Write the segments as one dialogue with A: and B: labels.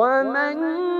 A: ومن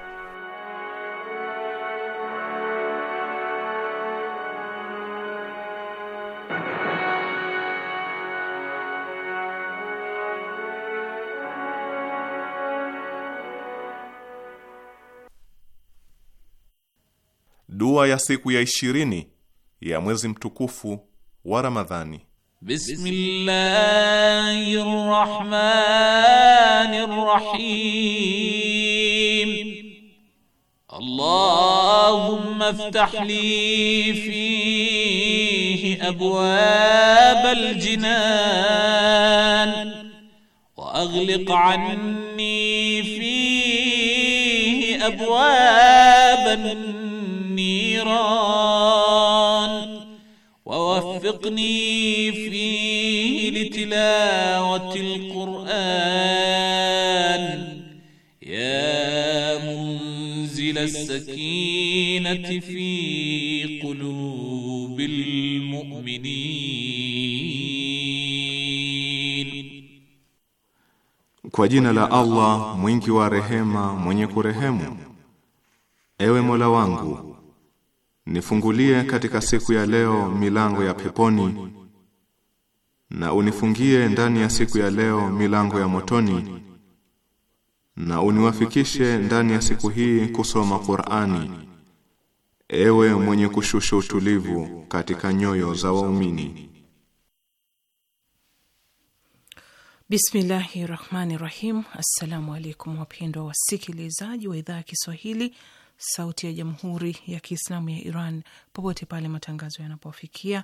B: dua ya siku ya ishirini ya mwezi mtukufu wa Ramadhani.
A: Bismillahirrahmanirrahim. Allahumma iftah li fihi abwab aljinan wa aghliq anni fihi abwab an الشيطان ووفقني فيه لتلاوة القرآن يا منزل السكينة في قلوب المؤمنين
C: Kwa jina la Allah
B: mwingi wa rehema mwenye kurehemu Ewe Mola wangu Nifungulie katika siku ya leo milango ya peponi na unifungie ndani ya siku ya leo milango ya motoni na uniwafikishe ndani ya siku hii kusoma Qur'ani ewe mwenye kushusha utulivu katika nyoyo za waumini
D: Bismillahi rahmani rahim. Assalamu alaikum wapendwa wasikilizaji wa idhaa ya Kiswahili sauti ya jamhuri ya Kiislamu ya Iran popote pale matangazo yanapofikia,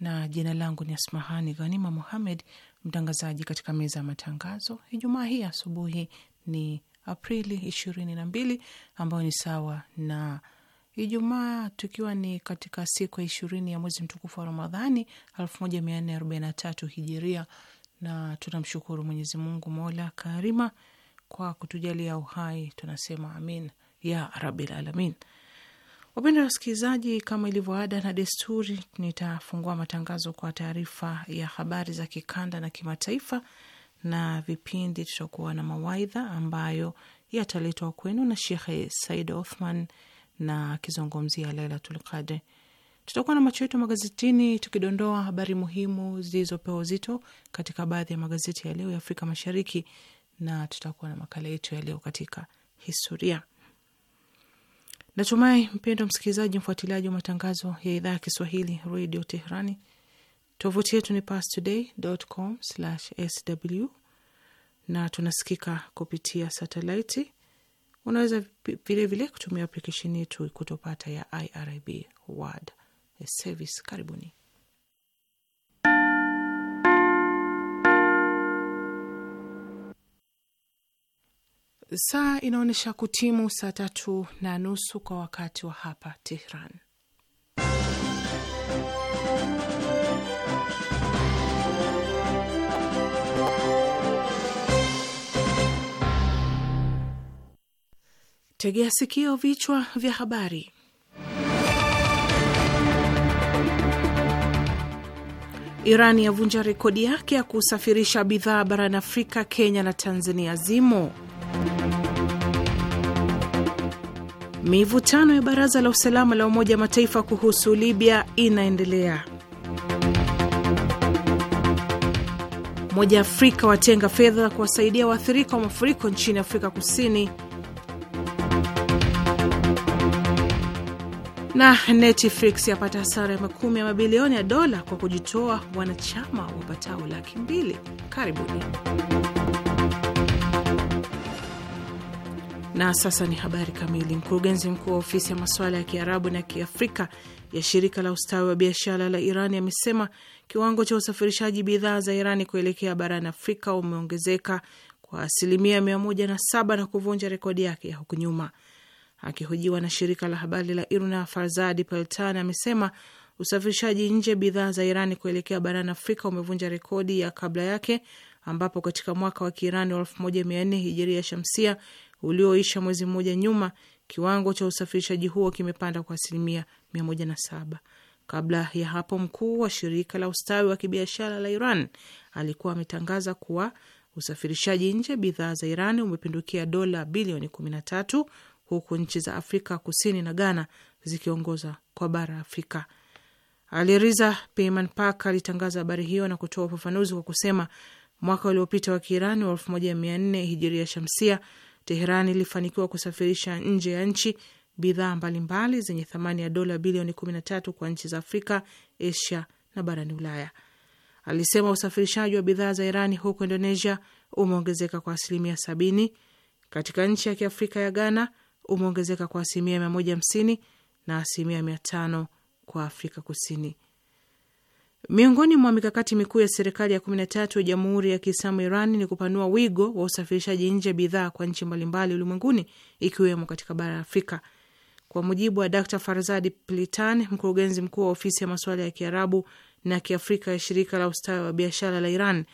D: na jina langu ni Asmahani Ghanima Muhammed, mtangazaji katika meza ya matangazo. Ijumaa hii asubuhi ni Aprili ishirini na mbili ambayo ni sawa na Ijumaa tukiwa ni katika siku ya ishirini ya mwezi mtukufu wa Ramadhani elfu moja mia nne arobaini na tatu hijiria na tunamshukuru Mwenyezi Mungu mola karima kwa kutujalia uhai, tunasema amin ya rabil alamin. Wapenda wasikilizaji, kama ilivyo ada na desturi, nitafungua matangazo kwa taarifa ya habari za kikanda na kimataifa na vipindi. Tutakuwa na mawaidha ambayo yataletwa kwenu na Shekhe Said Othman na akizungumzia Lailatul Qadr. Tutakuwa na macho yetu magazetini tukidondoa habari muhimu zilizopewa uzito katika baadhi ya magazeti ya leo ya Afrika Mashariki, na tutakuwa na makala yetu ya leo katika historia. Natumai mpendo msikilizaji, mfuatiliaji wa matangazo ya idhaa ya Kiswahili redio Teherani. Tovuti yetu ni pastoday.com/sw na tunasikika kupitia satelaiti. Unaweza vilevile kutumia aplikesheni yetu kutopata ya IRIB World. Service. Karibuni. Saa inaonyesha kutimu saa tatu na nusu kwa wakati wa hapa Tehran. Tegea sikio, vichwa vya habari. Iran yavunja rekodi yake ya kusafirisha bidhaa barani Afrika, Kenya na Tanzania zimo. Mivutano ya baraza la usalama la Umoja Mataifa kuhusu Libya inaendelea. Umoja Afrika watenga fedha kuwasaidia waathirika wa mafuriko nchini Afrika Kusini, Na Netflix yapata hasara ya makumi ya mabilioni ya dola kwa kujitoa wanachama wapatao laki mbili. Karibuni. Na sasa ni habari kamili. Mkurugenzi mkuu wa ofisi ya masuala ya Kiarabu na Kiafrika ya shirika la ustawi wa biashara la Irani amesema kiwango cha usafirishaji bidhaa za Irani kuelekea barani Afrika umeongezeka kwa asilimia mia moja na saba na kuvunja rekodi yake ya huku nyuma. Akihojiwa na shirika la habari la IRNA, Farzadi Peltan amesema usafirishaji nje bidhaa za Irani kuelekea barani Afrika umevunja rekodi ya kabla yake, ambapo katika mwaka wa Kiirani wa 1400 hijiria shamsia ulioisha mwezi mmoja nyuma, kiwango cha usafirishaji huo kimepanda kwa asilimia 107. Kabla ya hapo, mkuu wa shirika la ustawi wa kibiashara la Iran alikuwa ametangaza kuwa usafirishaji nje bidhaa za Iran umepindukia dola bilioni 13 huku nchi za Afrika Kusini na Ghana zikiongoza kwa bara Afrika. Aliriza Peyman Pak alitangaza habari hiyo na kutoa ufafanuzi kwa kusema mwaka uliopita wa Kiirani wa elfu moja mia nne hijiria shamsia, Teheran ilifanikiwa kusafirisha nje ya nchi bidhaa mbalimbali zenye thamani ya dola bilioni 13 kwa nchi za Afrika, Asia na barani Ulaya. Alisema usafirishaji wa bidhaa za Irani huko Indonesia umeongezeka kwa asilimia sabini. Katika nchi ya kiafrika ya Ghana umeongezeka kwa asilimia mia moja hamsini na asilimia mia tano kwa Afrika Kusini. Miongoni mwa mikakati mikuu ya serikali ya kumi na tatu ya Jamhuri ya Kiislamu Iran ni kupanua wigo wa usafirishaji nje bidhaa kwa nchi mbalimbali ulimwenguni ikiwemo katika bara la Afrika. Kwa mujibu wa Dr Farzadi Plitan, mkurugenzi mkuu wa ofisi ya masuala ya Kiarabu na Kiafrika ya shirika la ustawi wa biashara la Iran,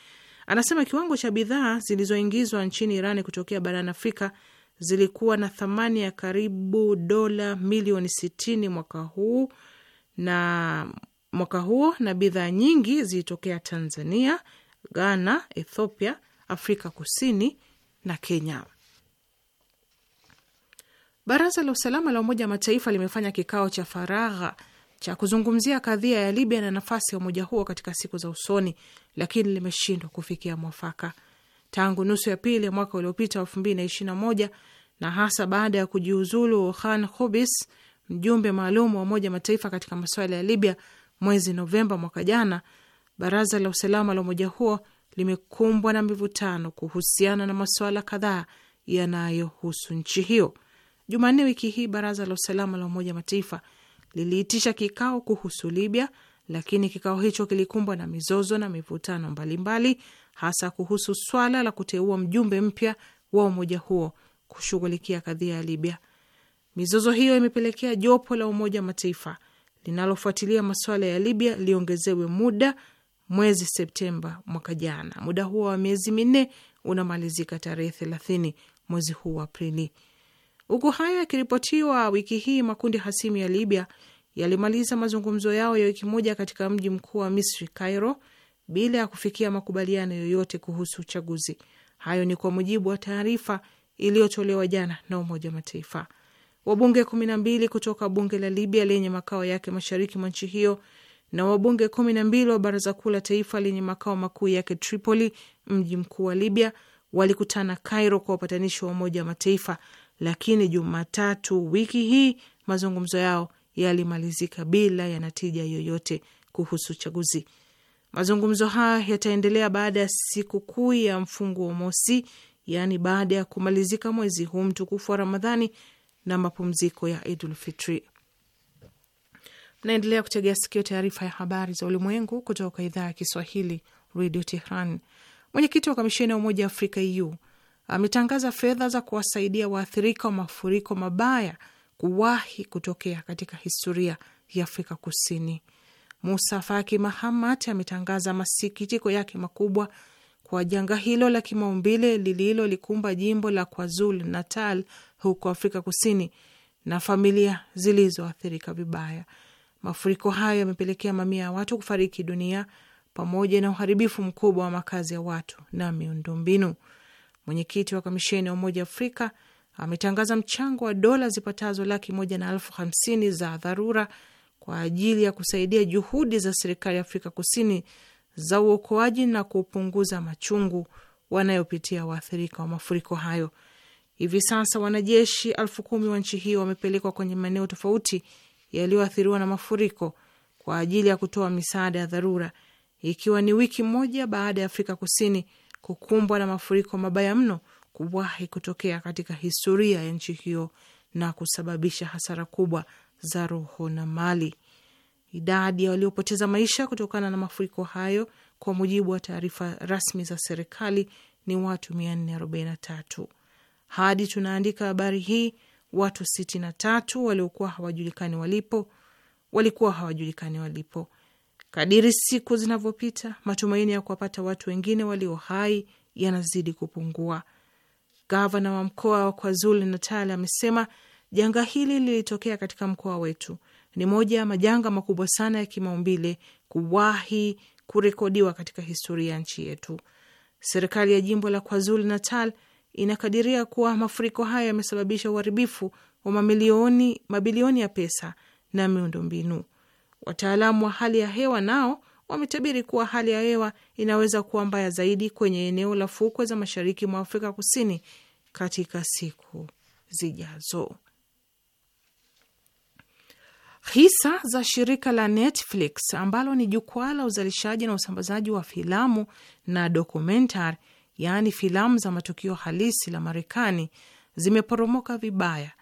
D: anasema kiwango cha bidhaa zilizoingizwa nchini Iran kutokea barani Afrika zilikuwa na thamani ya karibu dola milioni sitini mwaka huu na mwaka huo, na bidhaa nyingi zilitokea Tanzania, Ghana, Ethiopia, Afrika Kusini na Kenya. Baraza la Usalama la Umoja wa Mataifa limefanya kikao cha faragha cha kuzungumzia kadhia ya Libya na nafasi ya umoja huo katika siku za usoni, lakini limeshindwa kufikia mwafaka tangu nusu ya pili ya mwaka uliopita elfu mbili na ishirini na moja na hasa baada ya kujiuzulu Han Hubis, mjumbe maalum wa Umoja Mataifa katika masuala ya Libya mwezi Novemba mwaka jana, baraza la usalama la umoja huo limekumbwa na mivutano kuhusiana na masuala kadhaa yanayohusu nchi hiyo. Jumanne wiki hii baraza la usalama la Umoja Mataifa liliitisha kikao kuhusu Libya, lakini kikao hicho kilikumbwa na mizozo na mivutano mbalimbali mbali, hasa kuhusu swala la kuteua mjumbe mpya wa umoja huo kushughulikia kadhia ya Libya. Mizozo hiyo imepelekea jopo la Umoja wa Mataifa linalofuatilia masuala ya Libya liongezewe muda mwezi Septemba mwaka jana. Muda huo wa miezi minne unamalizika tarehe thelathini mwezi huu wa Aprili. Huku hayo yakiripotiwa, wiki hii makundi hasimu ya Libya yalimaliza mazungumzo yao ya wiki moja katika mji mkuu wa Misri, Cairo, bila ya kufikia makubaliano yoyote kuhusu uchaguzi. Hayo ni kwa mujibu wa taarifa iliyotolewa jana na Umoja wa Mataifa. Wabunge kumi na mbili kutoka bunge la Libya lenye makao yake mashariki mwa nchi hiyo na wabunge kumi na mbili wa baraza kuu la taifa lenye makao makuu yake Tripoli, mji mkuu wa Libya, walikutana Cairo kwa upatanishi wa Umoja wa Mataifa, lakini Jumatatu wiki hii mazungumzo yao yalimalizika bila ya natija yoyote kuhusu uchaguzi. Mazungumzo haya yataendelea baada ya sikukuu ya mfungu wa mosi, yaani baada ya kumalizika mwezi huu mtukufu wa Ramadhani na mapumziko ya Idul Fitri. Mnaendelea kutegea sikio taarifa ya habari za ulimwengu kutoka idhaa ya Kiswahili radio Tehran. Mwenyekiti wa kamisheni ya Umoja wa Afrika EU ametangaza fedha za kuwasaidia waathirika wa mafuriko mabaya kuwahi kutokea katika historia ya Afrika Kusini. Musa Faki Mahamat ametangaza masikitiko yake makubwa kwa janga hilo la kimaumbile lililolikumba jimbo la KwaZulu Natal huko Afrika Kusini na familia zilizoathirika vibaya. Mafuriko hayo yamepelekea mamia ya watu kufariki dunia pamoja na uharibifu mkubwa wa makazi ya watu na miundombinu. Mwenyekiti wa kamisheni ya Umoja Afrika ametangaza mchango wa dola zipatazo laki moja na elfu hamsini za dharura kwa ajili ya kusaidia juhudi za serikali ya Afrika Kusini za uokoaji na kupunguza machungu wanayopitia waathirika wa mafuriko hayo. Hivi sasa wanajeshi elfu kumi wa nchi hiyo wamepelekwa kwenye maeneo tofauti yaliyoathiriwa na mafuriko kwa ajili ya kutoa misaada ya dharura, ikiwa ni wiki moja baada ya Afrika Kusini kukumbwa na mafuriko mabaya mno kuwahi kutokea katika historia ya nchi hiyo na kusababisha hasara kubwa za roho na mali. Idadi ya waliopoteza maisha kutokana na mafuriko hayo, kwa mujibu wa taarifa rasmi za serikali, ni watu 443. Hadi tunaandika habari hii, watu 63 waliokuwa hawajulikani walipo walikuwa hawajulikani walipo. Kadiri siku zinavyopita, matumaini ya kuwapata watu wengine walio hai yanazidi kupungua. Gavana wa mkoa wa KwaZulu Natal amesema janga hili lilitokea katika mkoa wetu, ni moja ya majanga makubwa sana ya kimaumbile kuwahi kurekodiwa katika historia ya nchi yetu. Serikali ya jimbo la KwaZulu Natal inakadiria kuwa mafuriko haya yamesababisha uharibifu wa mamilioni mabilioni ya pesa na miundombinu. Wataalamu wa hali ya hewa nao wametabiri kuwa hali ya hewa inaweza kuwa mbaya zaidi kwenye eneo la fukwe za mashariki mwa Afrika Kusini katika siku zijazo. Hisa za shirika la Netflix ambalo ni jukwaa la uzalishaji na usambazaji wa filamu na dokumentari, yaani filamu za matukio halisi la Marekani, zimeporomoka vibaya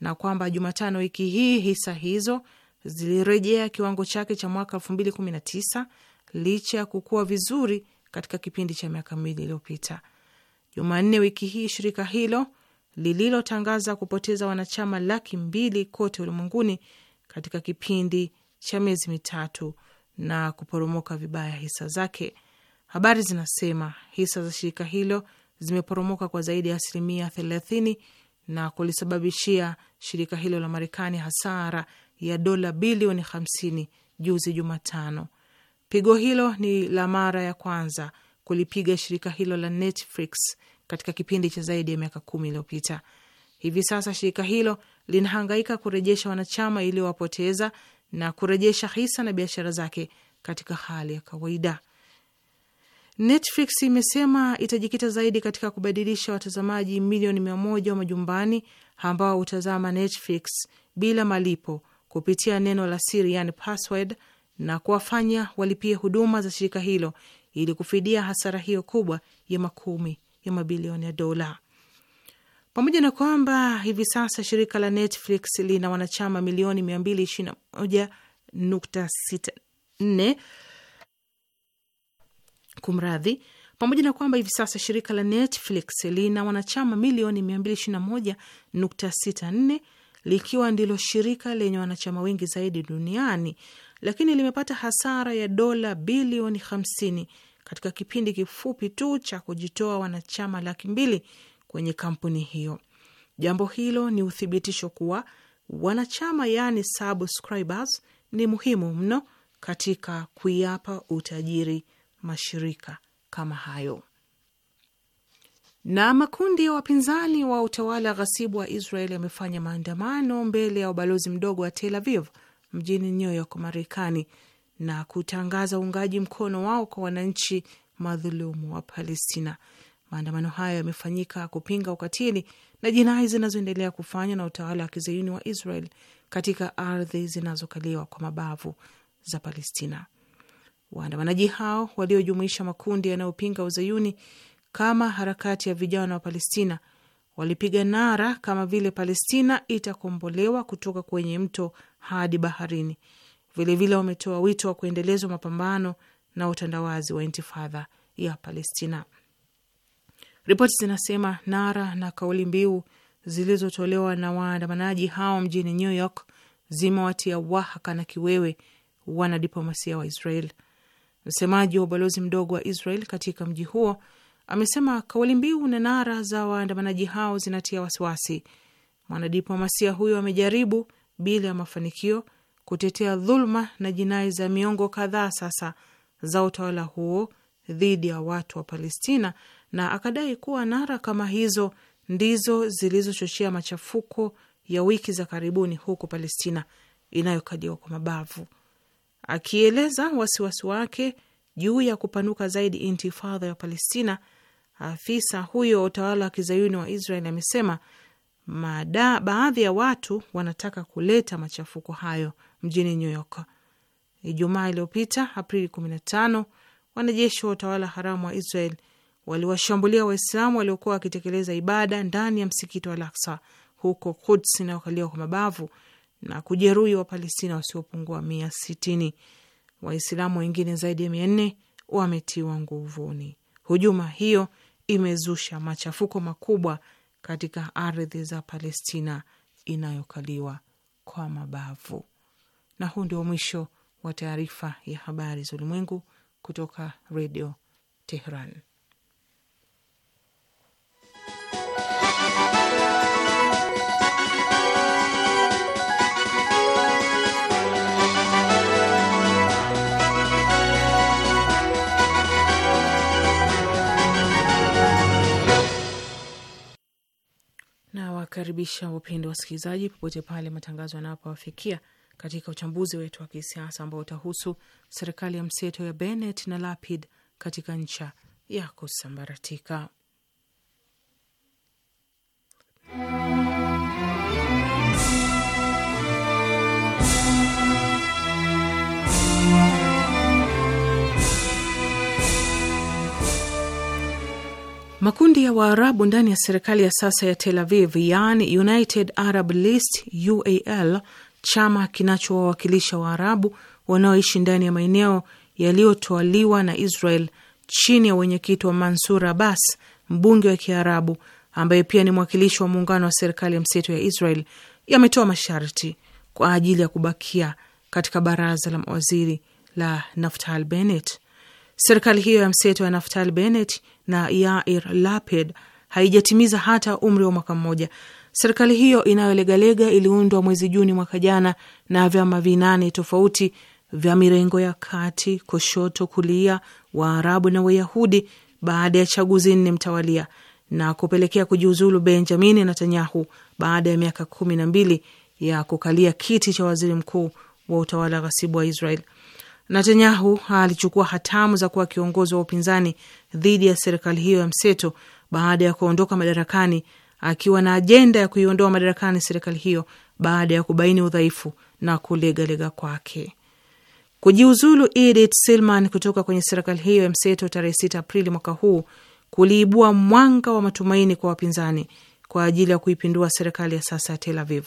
D: na kwamba Jumatano wiki hii hisa hizo zilirejea kiwango chake cha mwaka elfu mbili kumi na tisa licha ya kukua vizuri katika kipindi cha miaka miwili iliyopita. Jumanne wiki hii shirika hilo lililotangaza kupoteza wanachama laki mbili kote ulimwenguni katika kipindi cha miezi mitatu na kuporomoka vibaya hisa zake. Habari zinasema hisa za shirika hilo zimeporomoka kwa zaidi ya asilimia thelathini na kulisababishia shirika hilo la Marekani hasara ya dola bilioni 50 juzi Jumatano. Pigo hilo ni la mara ya kwanza kulipiga shirika hilo la Netflix katika kipindi cha zaidi ya miaka kumi iliyopita. Hivi sasa shirika hilo linahangaika kurejesha wanachama iliyowapoteza na kurejesha hisa na biashara zake katika hali ya kawaida. Netflix imesema itajikita zaidi katika kubadilisha watazamaji milioni mia moja wa majumbani ambao hutazama Netflix bila malipo kupitia neno la siri yani password, na kuwafanya walipie huduma za shirika hilo ili kufidia hasara hiyo kubwa ya makumi ya mabilioni ya dola. Pamoja na kwamba hivi sasa shirika la Netflix lina wanachama milioni 221.64 kumradhi, pamoja na kwamba hivi sasa shirika la Netflix lina wanachama milioni 221.64 likiwa ndilo shirika lenye wanachama wengi zaidi duniani, lakini limepata hasara ya dola bilioni 50 katika kipindi kifupi tu cha kujitoa wanachama laki mbili kwenye kampuni hiyo. Jambo hilo ni uthibitisho kuwa wanachama, yaani subscribers, ni muhimu mno katika kuiapa utajiri mashirika kama hayo. Na makundi ya wapinzani wa utawala ghasibu wa Israel yamefanya maandamano mbele ya ubalozi mdogo wa Tel Aviv mjini New York, Marekani, na kutangaza uungaji mkono wao kwa wananchi madhulumu wa Palestina. Maandamano hayo yamefanyika kupinga ukatili na jinai zinazoendelea kufanywa na utawala wa kizayuni wa Israel katika ardhi zinazokaliwa kwa mabavu za Palestina. Waandamanaji hao waliojumuisha makundi yanayopinga uzayuni kama harakati ya vijana wa Palestina walipiga nara kama vile Palestina itakombolewa kutoka kwenye mto hadi baharini. Vilevile wametoa wito wa kuendelezwa mapambano na utandawazi wa intifadha ya Palestina. Ripoti zinasema nara na kauli mbiu zilizotolewa na waandamanaji hao mjini New York zimewatia wahaka na kiwewe wanadiplomasia wa Israel. Msemaji wa ubalozi mdogo wa Israel katika mji huo amesema kauli mbiu na nara za waandamanaji hao zinatia wasiwasi. Mwanadiplomasia huyo amejaribu bila ya mafanikio kutetea dhuluma na jinai za miongo kadhaa sasa za utawala huo dhidi ya watu wa Palestina, na akadai kuwa nara kama hizo ndizo zilizochochea machafuko ya wiki za karibuni huko Palestina inayokaliwa kwa mabavu, akieleza wasiwasi wake juu ya kupanuka zaidi intifadha ya Palestina. Afisa huyo wa utawala wa kizayuni wa Israel amesema baadhi ya watu wanataka kuleta machafuko hayo mjini New York. Ijumaa iliyopita Aprili 15, wanajeshi wa utawala haramu wa Israel waliwashambulia Waislamu waliokuwa wakitekeleza ibada ndani ya msikiti wa Al-Aqsa huko Kuds inayokaliwa kwa mabavu na kujeruhi Wapalestina wasiopungua mia sitini. Waislamu wengine zaidi ya mia nne wametiwa nguvuni. Hujuma hiyo imezusha machafuko makubwa katika ardhi za Palestina inayokaliwa kwa mabavu. Na huu ndio mwisho wa taarifa ya habari za ulimwengu kutoka Redio teheran kukaribisha wapendwa wasikilizaji, popote pale matangazo yanapowafikia, katika uchambuzi wetu wa kisiasa ambao utahusu serikali ya mseto ya Bennett na Lapid katika ncha ya kusambaratika. Makundi ya Waarabu ndani ya serikali ya sasa ya Tel Aviv, yaani United Arab List UAL, chama kinachowawakilisha Waarabu wanaoishi ndani ya maeneo yaliyotwaliwa na Israel chini ya wenyekiti wa Mansur Abbas, mbunge wa Kiarabu ambaye pia ni mwakilishi wa muungano wa serikali ya mseto ya Israel, yametoa masharti kwa ajili ya kubakia katika baraza la mawaziri la Naftali Bennett. Serikali hiyo ya mseto ya Naftali Bennett na Yair Lapid haijatimiza hata umri wa mwaka mmoja. Serikali hiyo inayolegalega iliundwa mwezi Juni mwaka jana na vyama vinane tofauti vya mirengo ya kati, kushoto, kulia, Waarabu na Wayahudi baada ya chaguzi nne mtawalia na kupelekea kujiuzulu Benjamin Netanyahu baada ya miaka kumi na mbili ya kukalia kiti cha waziri mkuu wa utawala ghasibu wa Israel. Netanyahu alichukua hatamu za kuwa kiongozi wa upinzani dhidi ya serikali hiyo ya mseto baada ya kuondoka madarakani, akiwa na ajenda ya kuiondoa madarakani serikali hiyo baada ya kubaini udhaifu na kulegalega kwake. Kujiuzulu Edith Silman kutoka kwenye serikali hiyo ya mseto tarehe 6 Aprili mwaka huu kuliibua mwanga wa matumaini kwa wapinzani kwa ajili ya kuipindua serikali ya sasa ya Tel Aviv.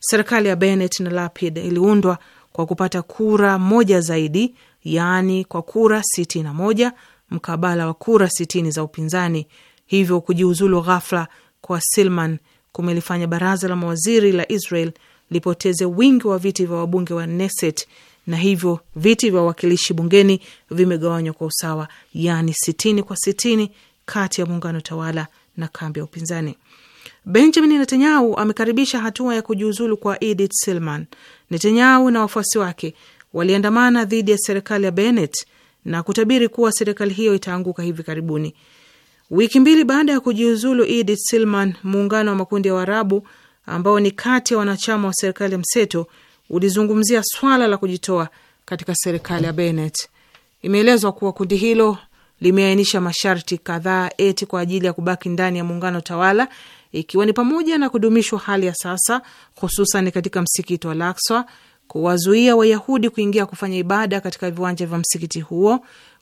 D: Serikali ya Bennett na Lapid iliundwa kwa kupata kura moja zaidi, yaani kwa kura sitini na moja mkabala wa kura sitini za upinzani. Hivyo kujiuzulu ghafla kwa Silman kumelifanya baraza la mawaziri la Israel lipoteze wingi wa viti vya wabunge wa Knesset na hivyo viti vya wawakilishi bungeni vimegawanywa kwa usawa, yaani sitini kwa sitini kati ya muungano tawala na kambi ya upinzani. Benjamin Netanyahu amekaribisha hatua ya kujiuzulu kwa Edith Silman. Netanyahu na wafuasi wake waliandamana dhidi ya serikali ya Bennett na kutabiri kuwa serikali hiyo itaanguka hivi karibuni. Wiki mbili baada ya kujiuzulu Edith Silman, muungano wa makundi ya Waarabu ambao ni kati ya wanachama wa serikali ya mseto ulizungumzia swala la kujitoa katika serikali ya Bennett. Imeelezwa kuwa kundi hilo limeainisha masharti kadhaa eti kwa ajili ya kubaki ndani ya muungano tawala ikiwa ni pamoja na kudumishwa hali ya sasa, hususan katika msikiti wa Al-Aqsa, kuwazuia Wayahudi kuingia kufanya ibada katika viwanja vya msikiti huo,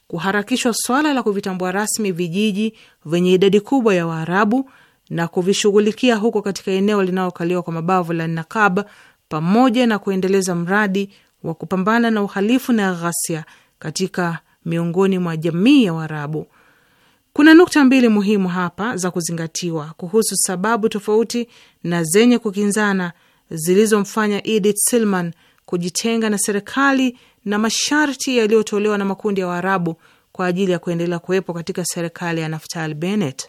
D: kuharakishwa swala la kuvitambua rasmi vijiji vyenye idadi kubwa ya Waarabu na kuvishughulikia huko katika eneo linalokaliwa kwa mabavu la Nakab, pamoja na kuendeleza mradi wa kupambana na uhalifu na ghasia katika miongoni mwa jamii ya Waarabu kuna nukta mbili muhimu hapa za kuzingatiwa kuhusu sababu tofauti na zenye kukinzana zilizomfanya Edith Silman kujitenga na serikali na masharti yaliyotolewa na makundi ya Waarabu kwa ajili ya kuendelea kuwepo katika serikali ya Naftali Bennett.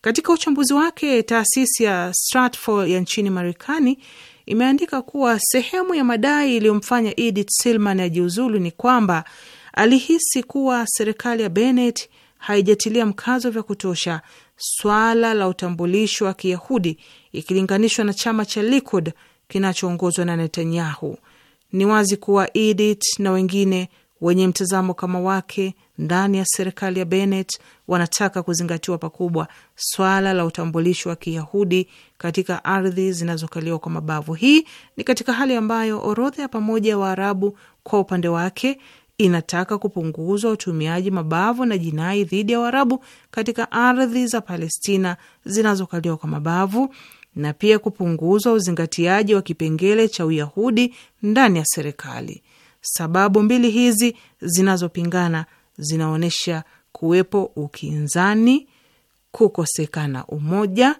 D: Katika uchambuzi wake, taasisi ya Stratfor ya nchini Marekani imeandika kuwa sehemu ya madai iliyomfanya Edith Silman ajiuzulu ni kwamba alihisi kuwa serikali ya Bennett haijatilia mkazo vya kutosha swala la utambulisho wa Kiyahudi ikilinganishwa na chama cha Likud kinachoongozwa na Netanyahu. Ni wazi kuwa Edit na wengine wenye mtazamo kama wake ndani ya serikali ya benet wanataka kuzingatiwa pakubwa swala la utambulisho wa Kiyahudi katika ardhi zinazokaliwa kwa mabavu. Hii ni katika hali ambayo orodha ya pamoja ya Waarabu kwa upande wake inataka kupunguzwa utumiaji mabavu na jinai dhidi ya Waarabu katika ardhi za Palestina zinazokaliwa kwa mabavu na pia kupunguzwa uzingatiaji wa kipengele cha Uyahudi ndani ya serikali. Sababu mbili hizi zinazopingana zinaonyesha kuwepo ukinzani, kukosekana umoja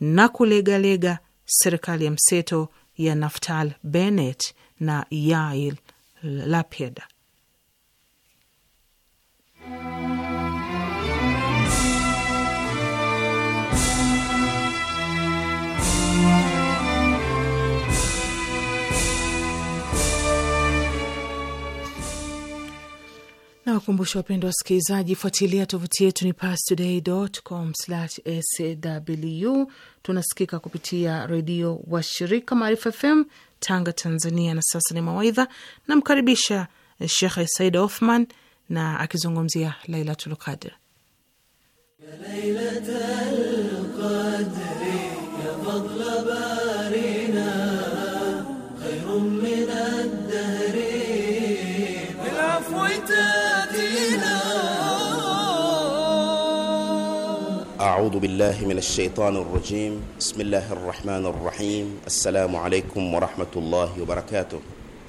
D: na kulegalega serikali ya mseto ya Naftali Bennett na Yair Lapid. na wakumbusha wapendwa wasikilizaji, fuatilia tovuti yetu ni pastoday.com/sw. Tunasikika kupitia redio washirika Maarifa FM Tanga, Tanzania. Na sasa ni mawaidha, namkaribisha eh, Shekhe Said Othman na akizungumzia Lailatul Qadr.
A: Ya Lailatul Qadri ya
E: أعوذ بالله من الشيطان الرجيم بسم الله الرحمن الرحيم السلام عليكم ورحمة الله وبركاته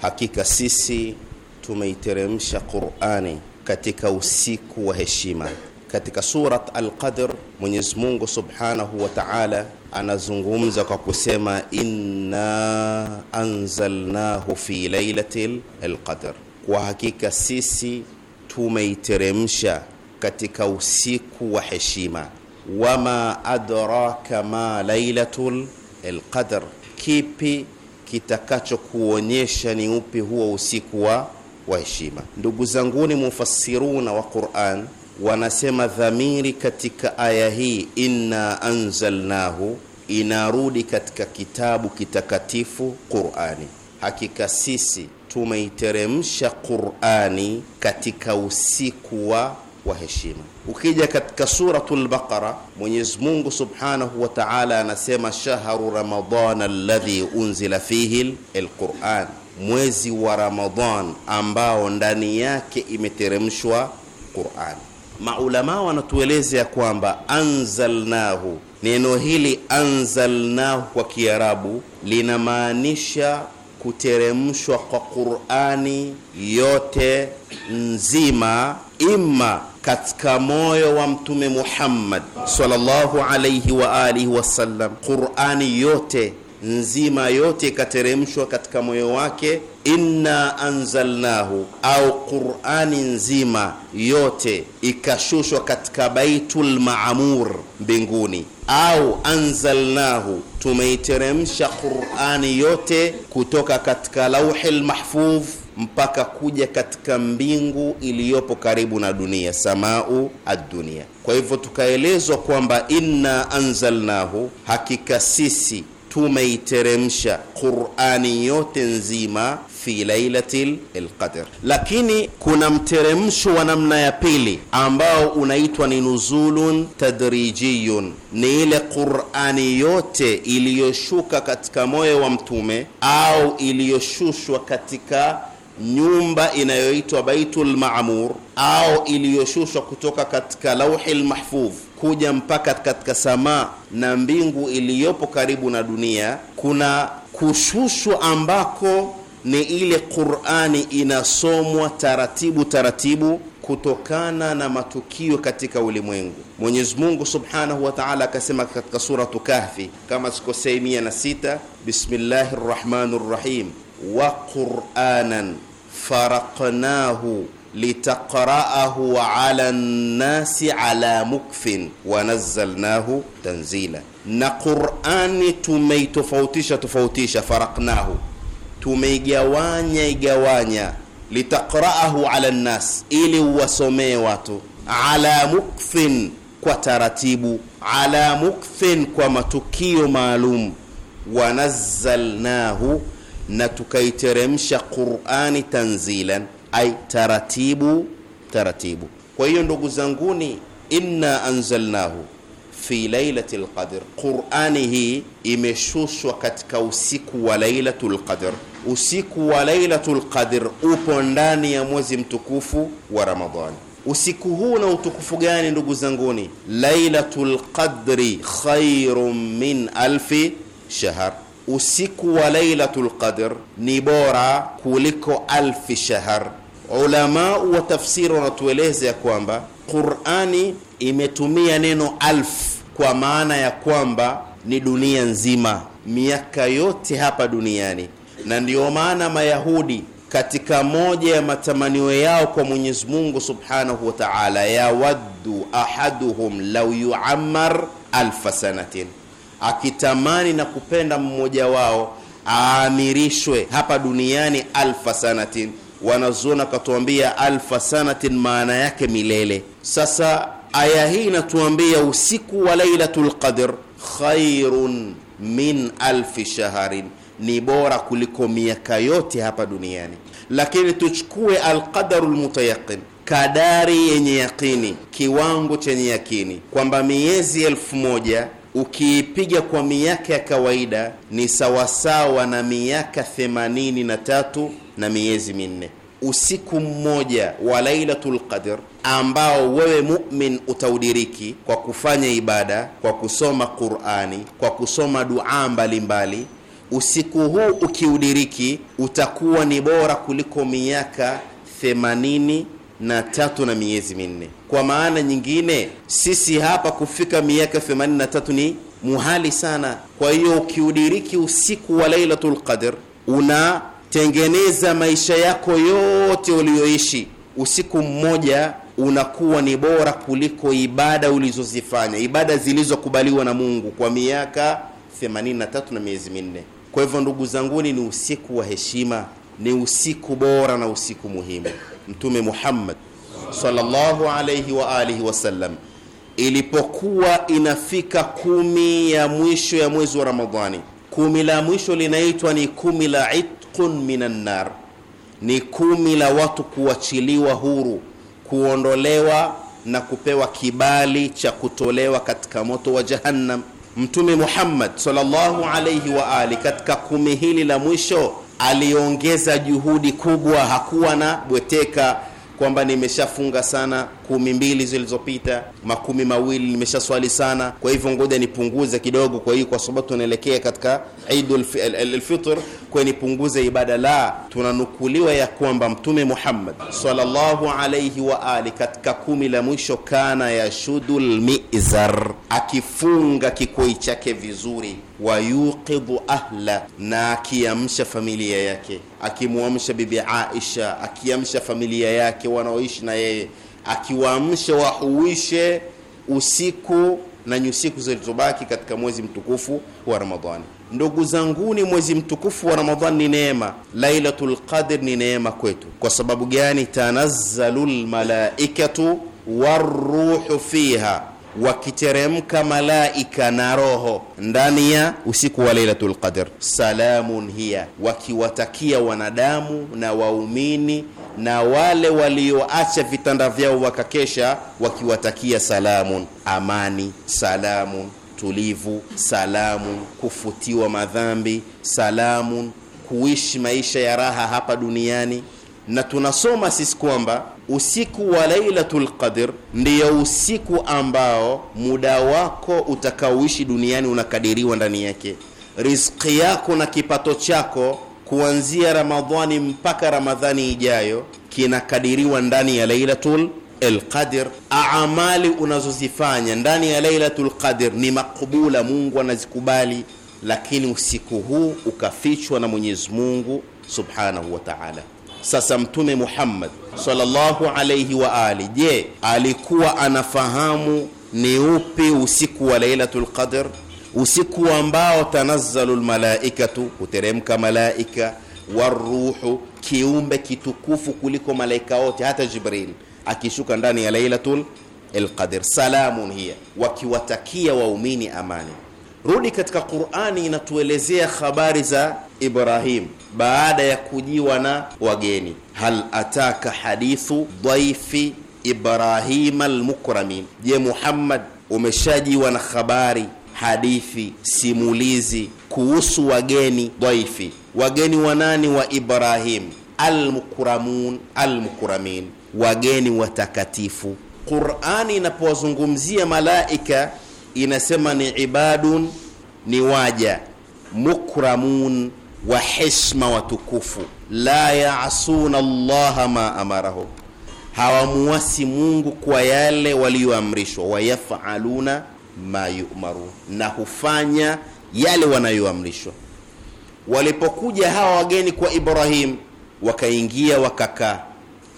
E: hakika sisi tumeiteremsha Qur'ani katika usiku wa heshima katika surat Al-Qadr Mwenyezi Mungu Subhanahu wa Ta'ala anazungumza kwa kusema inna anzalnahu fi lailatil qadr, kwa hakika sisi wama adraka ma lailatul lqadr kipi kitakachokuonyesha ni upi huo usiku wa wa heshima. Ndugu zanguni, mufassiruna wa Quran wanasema dhamiri katika aya hii inna anzalnahu inarudi katika kitabu kitakatifu Qurani, hakika sisi tumeiteremsha Qurani katika usiku wa wa heshima. Ukija katika suratu lbaqara, Mwenyezi Mungu Subhanahu wa Ta'ala anasema shahru ramadan alladhi unzila fihi lquran mwezi wa ramadan ambao ndani yake imeteremshwa Qur'an. Maulama wanatueleza ya kwamba anzalnahu, neno hili anzalnahu kwa Kiarabu linamaanisha kuteremshwa kwa Qur'ani yote nzima, imma katika moyo wa Mtume Muhammad sallallahu alayhi wa alihi wasallam. Qur'ani yote nzima yote ikateremshwa katika moyo wake. Inna anzalnahu au Qur'ani nzima yote ikashushwa katika Baitul Maamur mbinguni, au anzalnahu, tumeiteremsha Qur'ani yote kutoka katika Lauhil Mahfudh mpaka kuja katika mbingu iliyopo karibu na dunia, samau addunia Kwa hivyo tukaelezwa kwamba inna anzalnahu, hakika sisi tumeiteremsha Qur'ani yote nzima fi lailati lqadr Lakini kuna mteremsho wa namna ya pili ambao unaitwa ni nuzulun tadrijiyun, ni ile Qur'ani yote iliyoshuka katika moyo wa mtume au iliyoshushwa katika nyumba inayoitwa Baitul Maamur au iliyoshushwa kutoka katika lauhi lmahfudh kuja mpaka katika samaa na mbingu iliyopo karibu na dunia, kuna kushushwa ambako ni ile Qur'ani inasomwa taratibu taratibu kutokana na matukio katika ulimwengu. Mwenyezi Mungu Subhanahu wataala akasema katika suratu Kahfi, kama sikosei, 6 bismillahi sita, rrahim wa qur'anan faraqnahu litaqra'ahu 'ala an-nasi 'ala mukfin wa nazzalnahu tanzila, na Qur'ani tumeitofautisha tofautisha, faraqnahu, tumeigawanya igawanya, litaqra'ahu 'ala an ili uwasomee watu, 'ala mukfin, kwa taratibu, 'ala mukfin, kwa matukio maalum, wa na tukaiteremsha Qur'ani tanzilan, ai taratibu taratibu. Kwa hiyo ndugu zanguni, inna anzalnahu fi lailati qadr, Qur'ani hii imeshushwa katika usiku wa lailatul qadr. Usiku wa lailatul qadr upo ndani ya mwezi mtukufu wa Ramadhani. Usiku huu na utukufu gani ndugu zanguni? Lailatul qadri khairun min alfi shahr usiku wa Lailatul Qadr ni bora kuliko alfi shahr. Ulama wa tafsiri wanatueleza ya kwamba Qur'ani imetumia neno alf kwa maana ya kwamba ni dunia nzima, miaka yote hapa duniani, na ndiyo maana Mayahudi katika moja ya matamanio yao kwa Mwenyezi Mungu Subhanahu wa Ta'ala, yawaddu ahaduhum law yu'ammar alfa sanatin akitamani na kupenda mmoja wao aamirishwe hapa duniani alfa sanatin. wanazuona akatuambia alfa sanatin maana yake milele. Sasa aya hii inatuambia usiku wa lailatu lqadr khairun min alfi shaharin, ni bora kuliko miaka yote hapa duniani. Lakini tuchukue alqadaru lmutayaqin, kadari yenye yakini, kiwango chenye yakini kwamba miezi elfu moja ukiipiga kwa miaka ya kawaida ni sawasawa na miaka themanini na tatu na miezi minne. Usiku mmoja wa Lailatul Qadr ambao wewe mumin utaudiriki kwa kufanya ibada, kwa kusoma Qur'ani, kwa kusoma duaa mbalimbali. Usiku huu ukiudiriki utakuwa ni bora kuliko miaka themanini na tatu na miezi minne. Kwa maana nyingine, sisi hapa kufika miaka 83 ni muhali sana. Kwa hiyo ukiudiriki usiku wa Lailatul Qadr unatengeneza maisha yako yote uliyoishi. Usiku mmoja unakuwa ni bora kuliko ibada ulizozifanya, ibada zilizokubaliwa na Mungu kwa miaka 83 na miezi minne. Kwa hivyo, ndugu zanguni, ni usiku wa heshima, ni usiku bora na usiku muhimu. Mtume Muhammad sallallahu alayhi wa alihi wasallam ilipokuwa inafika kumi ya mwisho ya mwezi wa Ramadhani, kumi la mwisho linaitwa ni kumi la itqun minan nar, ni kumi la watu kuachiliwa huru, kuondolewa na kupewa kibali cha kutolewa katika moto wa Jahannam. Mtume Muhammad sallallahu alayhi wa ali katika kumi hili la mwisho aliongeza juhudi kubwa, hakuwa na bweteka kwamba nimeshafunga sana kumi mbili zilizopita, makumi mawili nimeshaswali sana, kwa hivyo ngoja nipunguze kidogo. Kwa hiyo kwa sababu tunaelekea katika Eidul Fitr, kwa nipunguze ibada. La, tunanukuliwa ya kwamba Mtume Muhammad sallallahu alayhi wa ali katika kumi la mwisho, kana shudul mizar, akifunga kikoi chake vizuri wa yuqidu ahla, na akiamsha familia yake, akimwamsha Bibi Aisha, akiamsha familia yake wanaoishi na yeye akiwaamsha wahuishe usiku na nyusiku zilizobaki katika mwezi mtukufu wa Ramadhani. Ndugu zanguni, mwezi mtukufu wa Ramadhani ni neema. Lailatul Qadr ni neema kwetu. Kwa sababu gani? tanazzalu lmalaikatu waruhu fiha wakiteremka malaika na roho ndani ya usiku wa Lailatul Qadr, salamun hiya, wakiwatakia wanadamu na waumini na wale walioacha vitanda vyao wakakesha, wakiwatakia salamun, amani, salamun, tulivu, salamun, kufutiwa madhambi, salamun, kuishi maisha ya raha hapa duniani na tunasoma sisi kwamba usiku wa Lailatul Qadr ndiyo usiku ambao muda wako utakaoishi duniani unakadiriwa ndani yake, riziki yako na kipato chako kuanzia Ramadhani mpaka Ramadhani ijayo kinakadiriwa ndani ya Lailatul Qadr. Amali unazozifanya ndani ya Lailatul Qadr ni makubula, Mungu anazikubali, lakini usiku huu ukafichwa na Mwenyezi Mungu Subhanahu wa Ta'ala. Sasa Mtume Muhammad sallallahu alayhi wa ali, je, alikuwa anafahamu ni upi usiku wa Lailatul Qadr, usiku ambao tanazzalu lmalaikatu, huteremka malaika waruhu, kiumbe kitukufu kuliko malaika wote, hata Jibril akishuka ndani ya Lailatul Qadr. Salamun hiya, wakiwatakia waumini amani Rudi katika Qur'ani inatuelezea habari za Ibrahim baada ya kujiwa na wageni. Hal ataka hadithu dhaifi Ibrahima almukramin, je, Muhammad, umeshajiwa na habari, hadithi, simulizi kuhusu wageni dhaifi, wageni wanani wa Ibrahim almukramun, almukramin, wageni watakatifu. Qur'ani inapowazungumzia malaika inasema ni ibadun, ni waja mukramun wa heshima watukufu, la yaasuna llaha ma amarahum, hawamuasi Mungu kwa yale waliyoamrishwa, wayafaluna ma yumarun, na hufanya yale wanayoamrishwa. Walipokuja hawa wageni kwa Ibrahim, wakaingia wakakaa,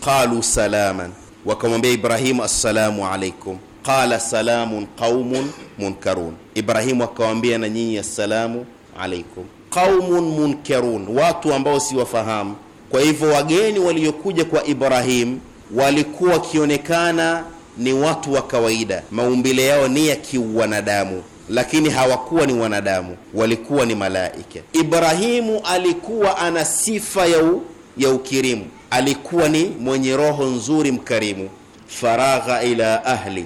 E: qalu salaman, wakamwambia Ibrahimu assalamu alaikum qala salamun qaumun munkarun, Ibrahimu akawaambia na nyinyi assalamu alaikum. Qaumun munkarun, watu ambao siwafahamu. Kwa hivyo wageni waliokuja kwa Ibrahimu walikuwa wakionekana ni watu wa kawaida, maumbile yao ni ya kiwanadamu lakini hawakuwa ni wanadamu, walikuwa ni malaika. Ibrahimu alikuwa ana sifa ya, u, ya ukirimu, alikuwa ni mwenye roho nzuri, mkarimu. faragha ila ahli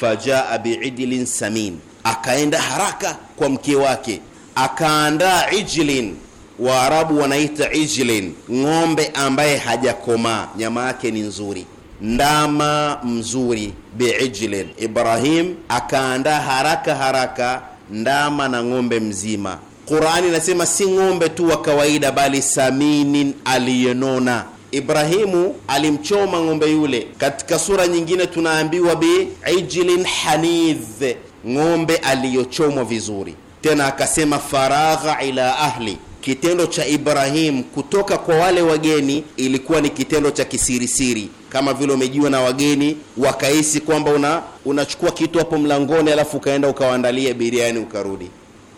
E: fajaa biijlin samin, akaenda haraka kwa mke wake akaandaa ijlin. Waarabu wanaita ijlin ng'ombe ambaye hajakomaa, nyama yake ni nzuri, ndama mzuri. Biijlin, Ibrahim akaandaa haraka haraka ndama na ng'ombe mzima. Qurani inasema si ng'ombe tu wa kawaida, bali saminin aliyenona Ibrahimu alimchoma ng'ombe yule. Katika sura nyingine tunaambiwa bi ijlin hanidh, ng'ombe aliyochomwa vizuri. Tena akasema faragha ila ahli Kitendo cha Ibrahim kutoka kwa wale wageni ilikuwa ni kitendo cha kisirisiri, kama vile umejiwa na wageni wakahisi kwamba una unachukua kitu hapo mlangoni, alafu ukaenda ukawaandalia biriani ukarudi.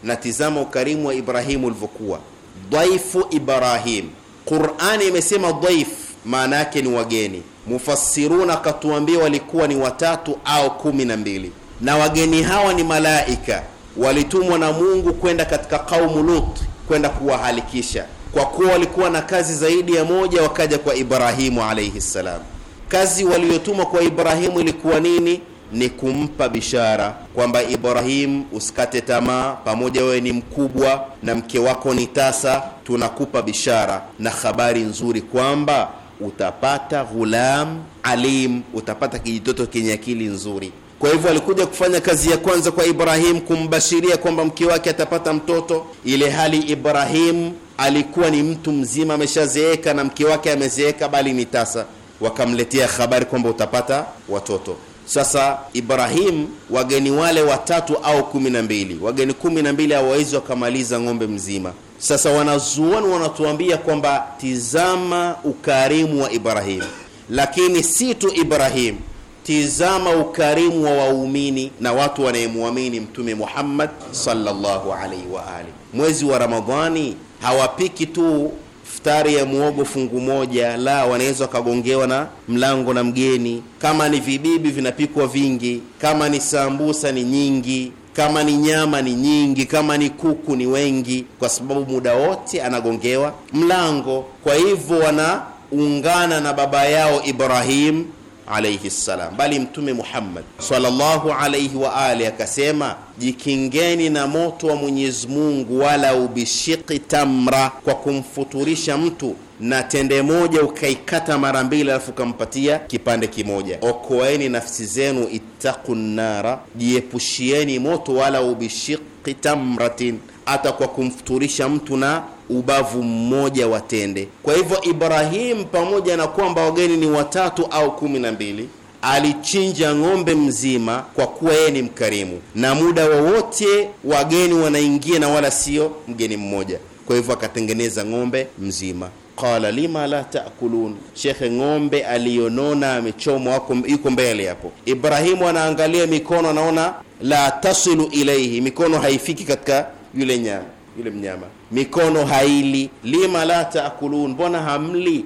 E: Na tizama ukarimu wa Ibrahimu ulivyokuwa. Dhaifu Ibrahim Qur'ani imesema dhaif, maana yake ni wageni. Mufassiruna katuambia walikuwa ni watatu au kumi na mbili, na wageni hawa ni malaika walitumwa na Mungu kwenda katika kaumu Lut kwenda kuwahalikisha. Kwa kuwa walikuwa na kazi zaidi ya moja, wakaja kwa Ibrahimu alayhi salam. Kazi waliotumwa kwa Ibrahimu ilikuwa nini? ni kumpa bishara kwamba Ibrahimu, usikate tamaa, pamoja wewe ni mkubwa na mke wako ni tasa, tunakupa bishara na habari nzuri kwamba utapata ghulam alim, utapata kijitoto chenye akili nzuri. Kwa hivyo alikuja kufanya kazi ya kwanza kwa Ibrahim kumbashiria kwamba mke wake atapata mtoto, ile hali Ibrahim alikuwa ni mtu mzima ameshazeeka na mke wake amezeeka, bali ni tasa. Wakamletea habari kwamba utapata watoto. Sasa Ibrahim, wageni wale watatu au kumi na mbili, wageni kumi na mbili hawawezi wakamaliza ng'ombe mzima. Sasa wanazuoni wanatuambia kwamba tizama ukarimu wa Ibrahim, lakini si tu Ibrahim, tizama ukarimu wa waumini na watu wanayemwamini Mtume Muhammad sallallahu alaihi wa alihi. Mwezi wa Ramadhani hawapiki tu iftari ya muogo fungu moja, la wanaweza wakagongewa na mlango na mgeni. Kama ni vibibi vinapikwa vingi, kama ni sambusa ni nyingi, kama ni nyama ni nyingi, kama ni kuku ni wengi, kwa sababu muda wote anagongewa mlango. Kwa hivyo wanaungana na baba yao Ibrahim alaihi salam, bali Mtume Muhammad sallallahu alaihi wa alihi akasema, jikingeni na moto wa Mwenyezi Mungu, wala ubishiki tamra, kwa kumfuturisha mtu na tende moja ukaikata mara mbili, alafu ukampatia kipande kimoja. Okoeni nafsi zenu, ittaqu nnara, jiepushieni moto, wala ubishiki tamratin, hata kwa kumfuturisha mtu na ubavu mmoja watende. Kwa hivyo Ibrahim, pamoja na kwamba wageni ni watatu au kumi na mbili, alichinja ng'ombe mzima kwa kuwa yeye ni mkarimu, na muda wowote wa wageni wanaingia na wala sio mgeni mmoja. Kwa hivyo akatengeneza ng'ombe mzima. Qala lima la taakulun, shekhe, ng'ombe aliyonona amechomwa yuko mbele hapo. Ibrahimu anaangalia mikono, anaona la tasilu ilaihi, mikono haifiki katika yule nyama, yule mnyama mikono haili, lima la taakulun, mbona hamli?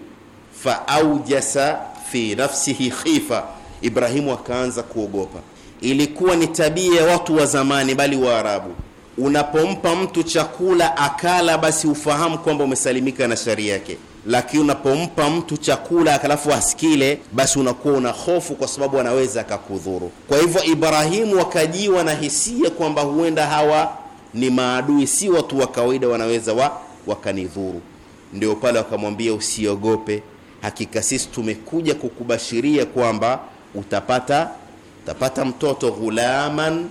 E: Fa aujasa fi nafsihi khifa, Ibrahimu akaanza kuogopa. Ilikuwa ni tabia ya watu wa zamani, bali wa arabu unapompa mtu chakula akala, basi ufahamu kwamba umesalimika na sharia yake lakini unapompa mtu chakula akalafu asikile, basi unakuwa una hofu, kwa sababu anaweza akakudhuru. Kwa hivyo Ibrahimu wakajiwa na hisia kwamba huenda hawa ni maadui, si watu wa kawaida, wanaweza wa wakanidhuru. Ndio pale wakamwambia usiogope, hakika sisi tumekuja kukubashiria kwamba utapata utapata mtoto ghulaman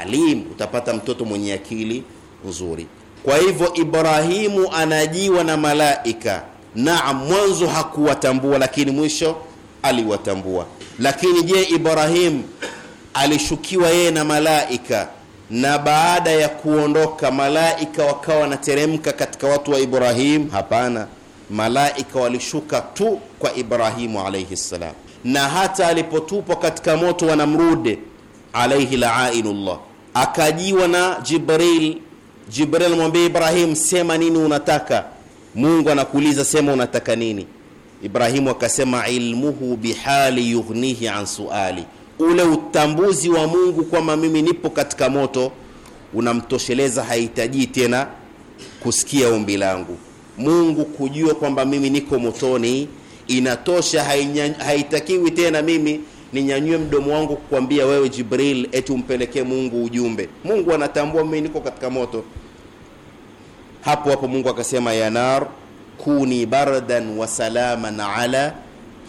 E: alim, utapata mtoto mwenye akili nzuri. Kwa hivyo Ibrahimu anajiwa na malaika. Naam, mwanzo hakuwatambua, lakini mwisho aliwatambua. Lakini je, Ibrahim alishukiwa yeye na malaika na baada ya kuondoka malaika wakawa wanateremka katika watu wa Ibrahim? Hapana, malaika walishuka tu kwa Ibrahimu alayhi salam, na hata alipotupwa katika moto wanamrude alaihi alayhi laainullah, akajiwa na Jibril. Jibril amwambia Ibrahim, sema nini unataka. Mungu anakuuliza sema unataka nini? Ibrahimu akasema ilmuhu bihali yughnihi an suali ule utambuzi wa Mungu kwamba mimi nipo katika moto unamtosheleza, hahitaji tena kusikia ombi langu. Mungu kujua kwamba mimi niko motoni inatosha, haitakiwi tena mimi ninyanyue mdomo wangu kukwambia wewe Jibril, eti umpelekee Mungu ujumbe. Mungu anatambua mimi niko katika moto. Hapo hapo Mungu akasema, ya nar kuni bardan wa salaman ala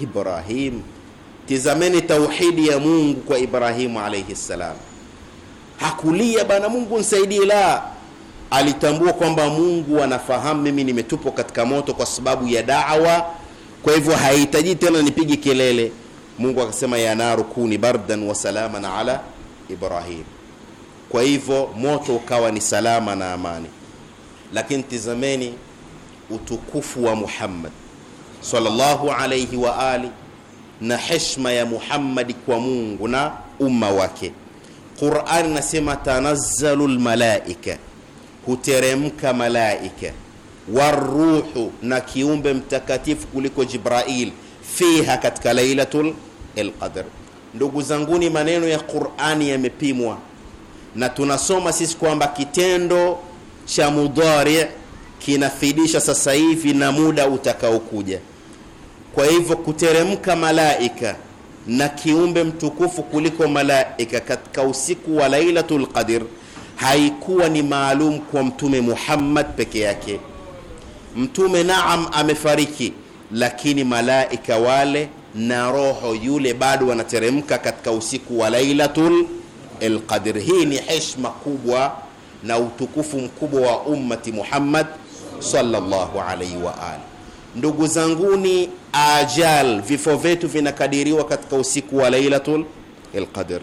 E: Ibrahim Tizameni tauhidi ya Mungu kwa Ibrahimu alayhi salam. Hakulia bana, Mungu nisaidie, la, alitambua kwamba Mungu anafahamu mimi nimetupwa katika moto kwa sababu ya da'wa, kwa hivyo haihitaji tena nipige kelele. Mungu akasema ya naru kuni bardan wa ala Ibrahim. Kwa hivyo moto ukawa ni salama na amani. Lakini tizameni utukufu wa Muhammad sallallahu alayhi wa ali na heshma ya Muhammadi kwa Mungu na umma wake. Qur'an nasema tanazzalu lmalaika, huteremka malaika, waruhu, na kiumbe mtakatifu kuliko Jibrail, fiha, katika lailatul lqadr Ndugu zanguni, maneno ya Qur'ani yamepimwa na tunasoma sisi kwamba kitendo cha mudhari kinafidisha sasa hivi na muda utakaokuja. Kwa hivyo kuteremka malaika na kiumbe mtukufu kuliko malaika katika usiku wa Lailatul Qadr haikuwa ni maalum kwa Mtume Muhammad peke yake. Mtume naam, amefariki, lakini malaika wale na roho yule bado wanateremka katika usiku wa Lailatul Qadr. Hii ni heshima kubwa na utukufu mkubwa wa ummati Muhammad sallallahu alaihi wa ali ndugu zanguni, ajal, vifo vyetu vinakadiriwa katika usiku wa Lailatul Qadr.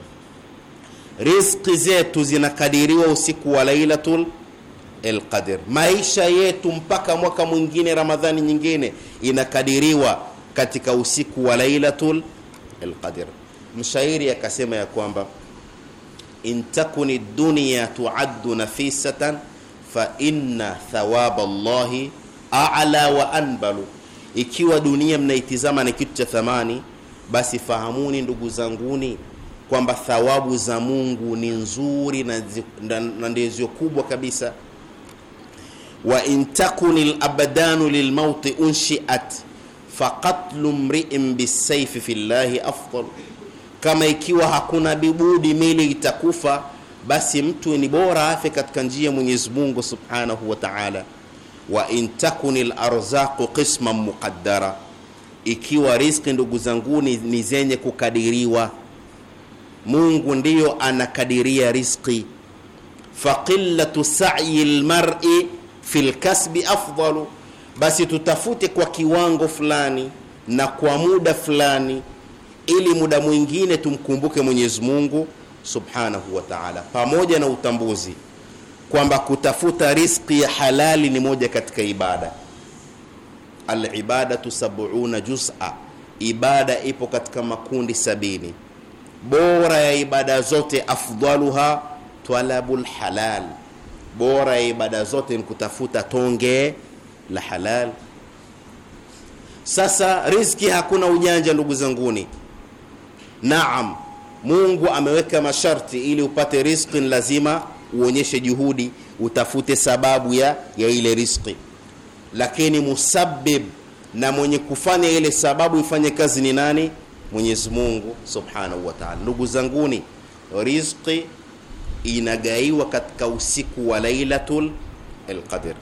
E: riski zetu zinakadiriwa usiku wa Lailatul lqadr Maisha yetu mpaka mwaka mwingine, Ramadhani nyingine, inakadiriwa katika usiku wa Lailatul lqadr Mshairi akasema ya, ya kwamba intakuni dunya tuaddu nafisatan fa inna thawaba llahi aala wa anbalu. Ikiwa dunia mnaitizama ni kitu cha thamani, basi fahamuni ndugu zanguni kwamba thawabu za Mungu ni nzuri na ndizio kubwa kabisa. wa intakuni labdanu lilmauti unshiat faqatlu mriin bisaifi fi llahi afdal, kama ikiwa hakuna bibudi mili itakufa, basi mtu ni bora afe katika njia ya Mwenyezi Mungu subhanahu wa taala wa in takuni larzaqu qisman muqaddara, ikiwa riski ndugu zangu ni, ni zenye kukadiriwa. Mungu ndiyo anakadiria riski. Faqillatu sa'yi lmari fi lkasbi afdalu, basi tutafute kwa kiwango fulani na kwa muda fulani, ili muda mwingine tumkumbuke Mwenyezi Mungu subhanahu wa ta'ala, pamoja na utambuzi kwamba kutafuta riski ya halali ni moja katika ibada. Alibadatu sabuuna jusa ibada ipo katika makundi sabini. Bora ya ibada zote afdaluha talabu lhalal bora ya ibada zote ni kutafuta tonge la halal. Sasa riski hakuna ujanja, ndugu zanguni. Naam, Mungu ameweka masharti ili upate ni lazima uonyeshe juhudi, utafute sababu ya, ya ile riski Lakini musabbib na mwenye kufanya ile sababu ifanye kazi ni nani? Mwenyezi Mungu subhanahu wa taala. Ndugu zanguni, riziki inagaiwa katika usiku wa Lailatul Qadr.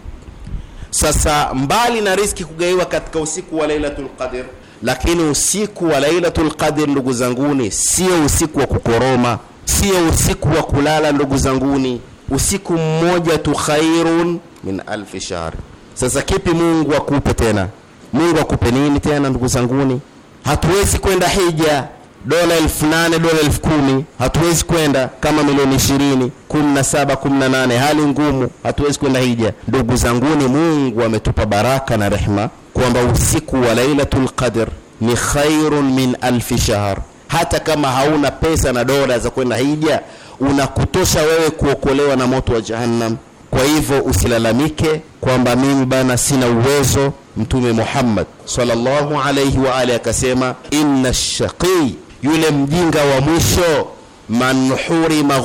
E: Sasa mbali na riziki kugaiwa katika usiku wa Lailatul Qadr, lakini usiku wa Lailatul Qadr, ndugu zanguni, sio usiku wa kukoroma Sio usiku wa kulala ndugu zanguni, usiku mmoja tu khairun min alfi shahr. Sasa kipi Mungu akupe tena? Mungu akupe nini tena ndugu zanguni? Hatuwezi kwenda hija dola elfu nane dola elfu kumi hatuwezi kwenda kama milioni ishirini kumi na saba kumi na nane hali ngumu, hatuwezi kwenda hija ndugu zanguni. Mungu ametupa baraka na rehma kwamba usiku wa Lailatul Qadr ni khairun min alfi shahr hata kama hauna pesa na dola za kwenda hija, unakutosha wewe kuokolewa na moto wa Jahannam. Kwa hivyo usilalamike kwamba mimi bana sina uwezo. Mtume Muhammad sallallahu alayhi wa alihi akasema, inna shaqi, yule mjinga wa mwisho, man hurima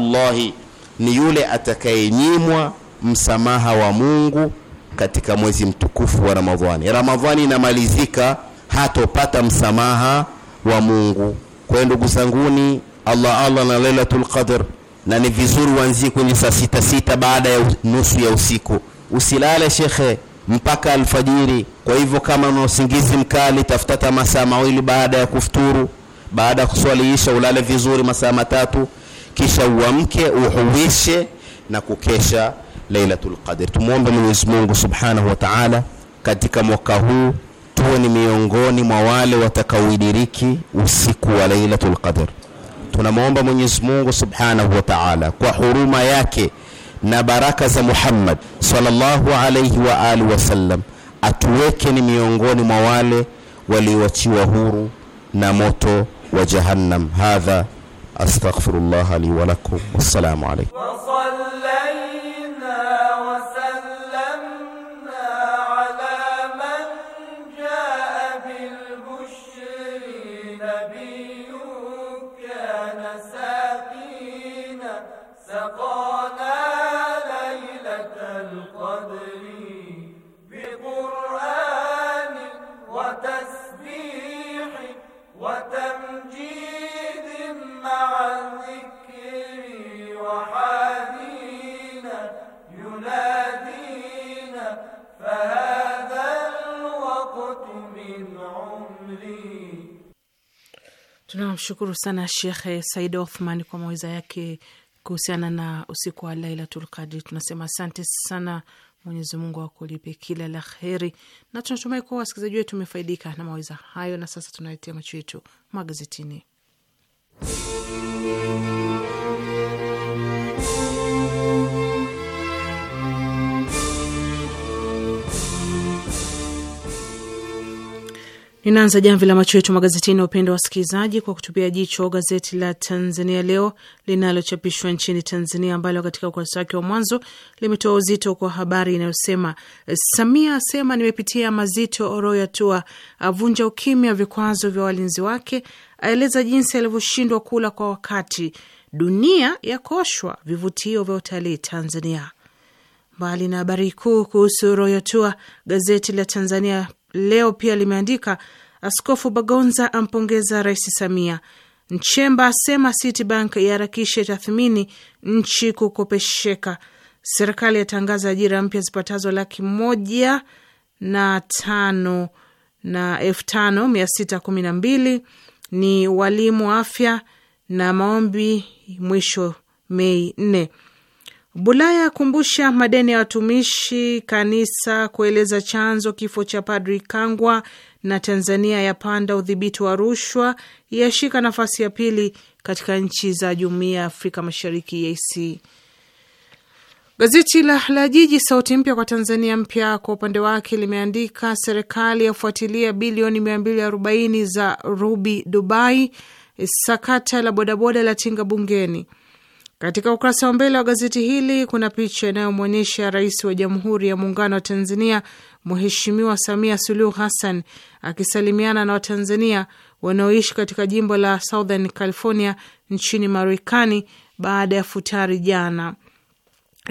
E: llahi ni yule atakayenyimwa msamaha wa Mungu katika mwezi mtukufu wa Ramadhani. Ramadhani inamalizika, hatopata msamaha wa Mungu. Kwa ndugu zanguni, Allah Allah na Lailatul Qadr, na ni vizuri uanzie kwenye saa sita sita baada ya nusu ya usiku, usilale shekhe mpaka alfajiri. Kwa hivyo kama una usingizi mkali, tafuta masaa mawili baada ya kufuturu, baada ya kuswaliisha ulale vizuri masaa matatu, kisha uamke uhuishe na kukesha Lailatul Qadr. Tumuombe Mwenyezi Mungu Subhanahu wa Ta'ala katika mwaka huu tuwe ni miongoni mwa wale watakaoidiriki usiku wa Lailatul Qadr. Tunamwomba Mwenyezi Mungu Subhanahu wa Ta'ala kwa huruma yake na baraka za Muhammad sallallahu alayhi wa alihi wasallam atuweke ni miongoni mwa wale walioachiwa huru na moto wa Jahannam. Hadha astaghfirullah li wa lakum. Wassalamu alaykum.
A: مساكين سقانا
D: Namshukuru sana Shekhe Said Othman kwa maweza yake kuhusiana na usiku wa Lailatul Qadri. Tunasema asante sana, Mwenyezi Mungu akulipe kila la kheri, na tunatumai kuwa wasikilizaji wetu umefaidika na maweza hayo. Na sasa tunaletea macho yetu magazetini Ninaanza jamvi la macho yetu magazetini, upendo wa wasikilizaji, kwa kutupia jicho gazeti la Tanzania Leo linalochapishwa nchini Tanzania, ambalo katika ukurasa wake wa mwanzo limetoa uzito kwa habari inayosema Samia asema nimepitia mazito tua avunja ukimya vikwazo vya walinzi wake, aeleza jinsi alivyoshindwa kula kwa wakati, dunia yakoshwa vivutio vya utalii Tanzania. Mbali na habari kuu kuhusu Royotua, gazeti la Tanzania leo pia limeandika Askofu Bagonza ampongeza Rais Samia. Nchemba asema Citibank iharakishe tathmini nchi kukopesheka. Serikali yatangaza ajira mpya zipatazo laki moja na tano na elfu tano mia sita kumi na mbili ni walimu afya na maombi mwisho Mei nne. Bulaya akumbusha madeni ya watumishi kanisa, kueleza chanzo kifo cha Padri Kangwa, na Tanzania yapanda udhibiti wa rushwa, yashika nafasi ya pili katika nchi za jumuiya ya Afrika Mashariki, EAC. Gazeti la, la Jiji sauti mpya kwa Tanzania mpya kwa upande wake limeandika serikali yafuatilia bilioni 240 za rubi Dubai, sakata la bodaboda la tinga bungeni katika ukurasa wa mbele wa gazeti hili kuna picha inayomwonyesha Rais wa Jamhuri ya Muungano wa Tanzania Mheshimiwa Samia Suluhu Hassan akisalimiana na Watanzania wanaoishi katika jimbo la Southern California nchini Marekani baada ya futari jana.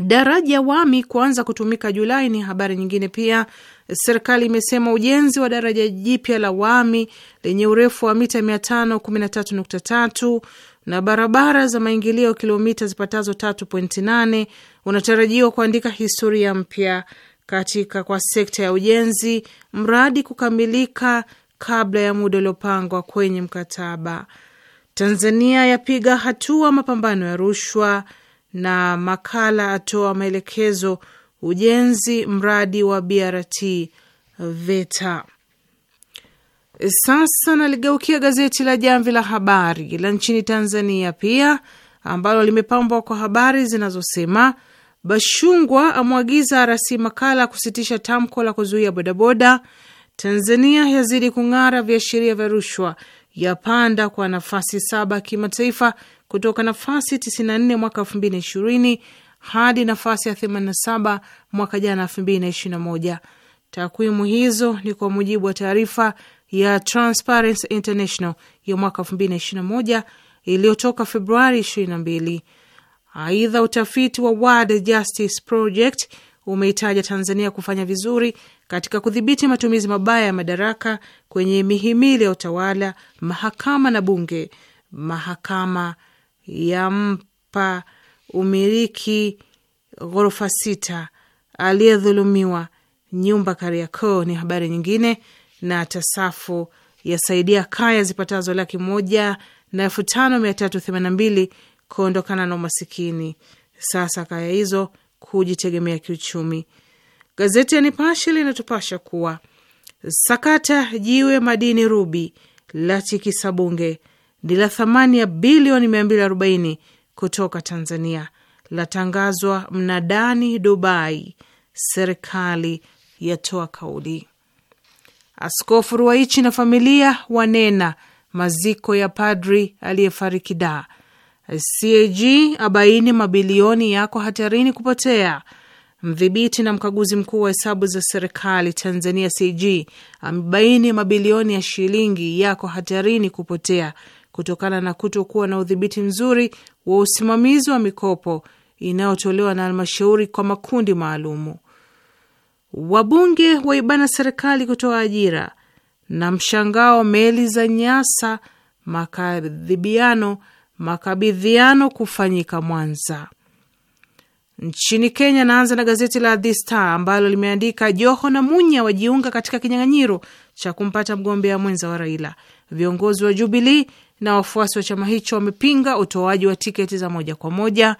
D: Daraja Wami kuanza kutumika Julai ni habari nyingine. Pia serikali imesema ujenzi wa daraja jipya la Wami lenye urefu wa mita 513.3 na barabara za maingilio kilomita zipatazo 3.8 unatarajiwa kuandika historia mpya katika kwa sekta ya ujenzi, mradi kukamilika kabla ya muda uliopangwa kwenye mkataba. Tanzania yapiga hatua mapambano ya rushwa, na makala atoa maelekezo ujenzi mradi wa BRT VETA. Sasa naligeukia gazeti la Jamvi la Habari la nchini Tanzania pia ambalo limepambwa kwa habari zinazosema Bashungwa amwagiza rasi makala kusitisha tamko la kuzuia bodaboda. Tanzania yazidi kung'ara, viashiria vya rushwa yapanda kwa nafasi saba kimataifa kutoka nafasi 94 mwaka 2020 hadi nafasi ya 87 mwaka jana 2021. Takwimu hizo ni kwa mujibu wa taarifa ya Transparency International ya mwaka 2021 iliyotoka Februari 22. Aidha, utafiti wa World Justice Project umeitaja Tanzania kufanya vizuri katika kudhibiti matumizi mabaya ya madaraka kwenye mihimili ya utawala, mahakama na bunge. Mahakama yampa umiliki ghorofa sita aliyedhulumiwa nyumba Kariakoo ni habari nyingine na TASAFU yasaidia kaya zipatazo laki moja na elfu tano mia tatu themanini na mbili kuondokana na umasikini, sasa kaya hizo kujitegemea kiuchumi. Gazeti ya Nipashe linatupasha kuwa sakata jiwe madini rubi la bunge ni la thamani ya bilioni arobaini kutoka Tanzania latangazwa mnadani Dubai, serikali yatoa kauli. Askofu Ruwaichi na familia wanena maziko ya padri aliyefariki da. CAG abaini mabilioni yako hatarini kupotea. Mdhibiti na mkaguzi mkuu wa hesabu za serikali Tanzania CAG amebaini mabilioni ya shilingi yako hatarini kupotea kutokana na kutokuwa na udhibiti mzuri wa usimamizi wa mikopo inayotolewa na halmashauri kwa makundi maalumu wabunge waibana serikali kutoa ajira, na mshangao meli za Nyasa, makadhibiano makabidhiano kufanyika Mwanza. Nchini Kenya, naanza na gazeti la The Star ambalo limeandika Joho na Munya wajiunga katika kinyang'anyiro cha kumpata mgombea mwenza wa Raila. Viongozi wa Jubilii na wafuasi wa chama hicho wamepinga utoaji wa tiketi za moja kwa moja.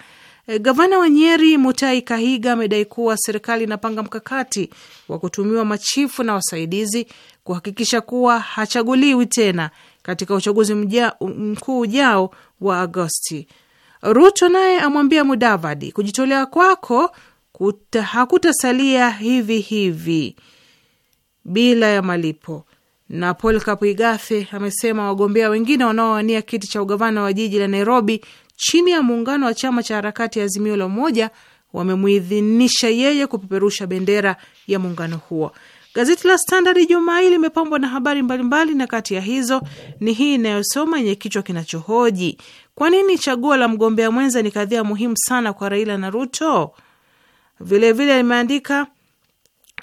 D: Gavana wa Nyeri Mutai Kahiga amedai kuwa serikali inapanga mkakati wa kutumiwa machifu na wasaidizi kuhakikisha kuwa hachaguliwi tena katika uchaguzi mkuu ujao wa Agosti. Ruto naye amwambia Mudavadi, kujitolea kwako hakutasalia hivi hivi bila ya malipo. Na Paul Kapuigathe amesema wagombea wengine wanaowania kiti cha ugavana wa jiji la Nairobi chini ya muungano wa chama cha harakati ya Azimio la Umoja wamemuidhinisha yeye kupeperusha bendera ya muungano huo. Gazeti la Standard Ijumaa hii limepambwa na habari mbalimbali mbali, na kati ya hizo ni hii inayosoma yenye kichwa kinachohoji kwa nini chaguo la mgombea mwenza ni kadhia muhimu sana kwa Raila na Ruto. Vilevile limeandika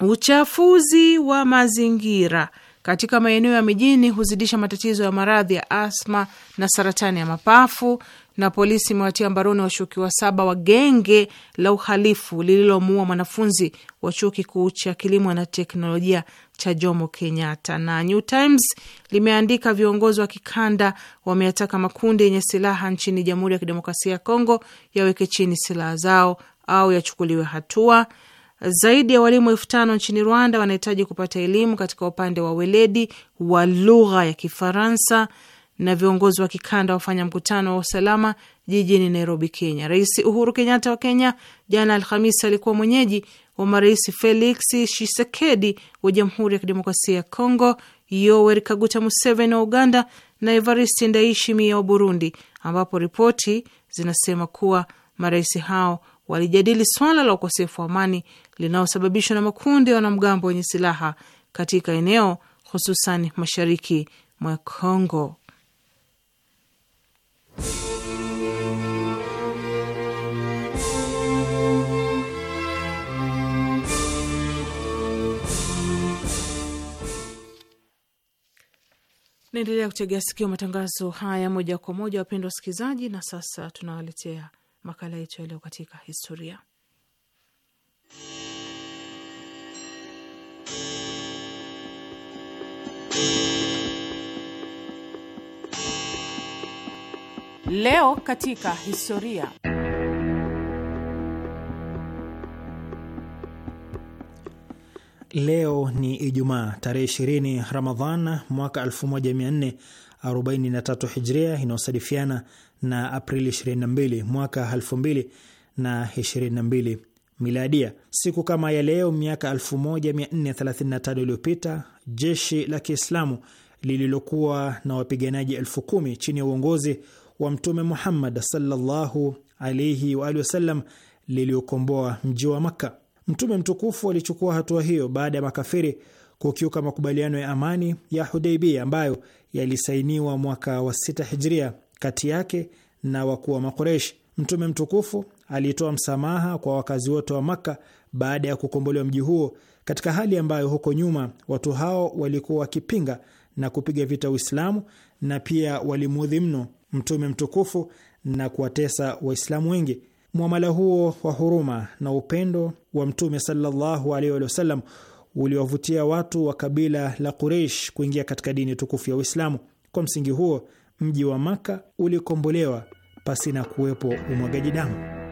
D: vile uchafuzi wa mazingira katika maeneo ya mijini huzidisha matatizo ya maradhi ya asma na saratani ya mapafu na polisi imewatia mbaroni washukiwa saba wa genge la uhalifu lililomuua mwanafunzi wa chuo kikuu cha kilimo na teknolojia cha Jomo Kenyatta. Na New Times limeandika viongozi wa kikanda wameyataka makundi yenye silaha nchini Jamhuri ya Kidemokrasia ya Kongo yaweke chini silaha zao au yachukuliwe hatua. Zaidi ya walimu elfu tano nchini Rwanda wanahitaji kupata elimu katika upande wa weledi wa lugha ya Kifaransa na viongozi wa kikanda wafanya mkutano wa usalama jijini Nairobi, Kenya. Rais Uhuru Kenyatta wa Kenya jana Alhamis alikuwa mwenyeji wa marais Felix Tshisekedi wa Jamhuri ya Kidemokrasia ya Kongo, Yoweri Kaguta Museveni wa Uganda na Evariste Ndayishimiye wa Burundi, ambapo ripoti zinasema kuwa marais hao walijadili swala la ukosefu wa amani linalosababishwa na makundi ya wanamgambo wenye silaha katika eneo hususan mashariki mwa Kongo. Naendelea kutegea sikio matangazo haya moja kwa moja, wapendwa wasikilizaji, na sasa tunawaletea makala yetu yaliyo katika historia. Leo katika historia.
F: Leo ni Ijumaa tarehe 20 Ramadhan mwaka 1443 Hijria, inayosadifiana na Aprili 22 mwaka 2022 Miladia. Siku kama ya leo miaka 1435 iliyopita jeshi la Kiislamu lililokuwa na wapiganaji elfu kumi chini ya uongozi wa Mtume Muhammad sallallahu alaihi wa alihi wasallam liliokomboa mji wa Makka. Mtume mtukufu alichukua hatua hiyo baada ya makafiri kukiuka makubaliano ya amani ya hudeibia ambayo yalisainiwa mwaka wa sita hijria kati yake na wakuu wa Makuresh. Mtume mtukufu alitoa msamaha kwa wakazi wote wa Makka baada ya kukombolewa mji huo, katika hali ambayo huko nyuma watu hao walikuwa wakipinga na kupiga vita Uislamu na pia walimuudhi mno mtume mtukufu na kuwatesa Waislamu wengi. Mwamala huo wa huruma na upendo wa mtume sallallahu alaihi wasallam uliwavutia watu wa kabila la Quraish kuingia katika dini tukufu ya Uislamu. Kwa msingi huo, mji wa Maka ulikombolewa pasina kuwepo umwagaji damu.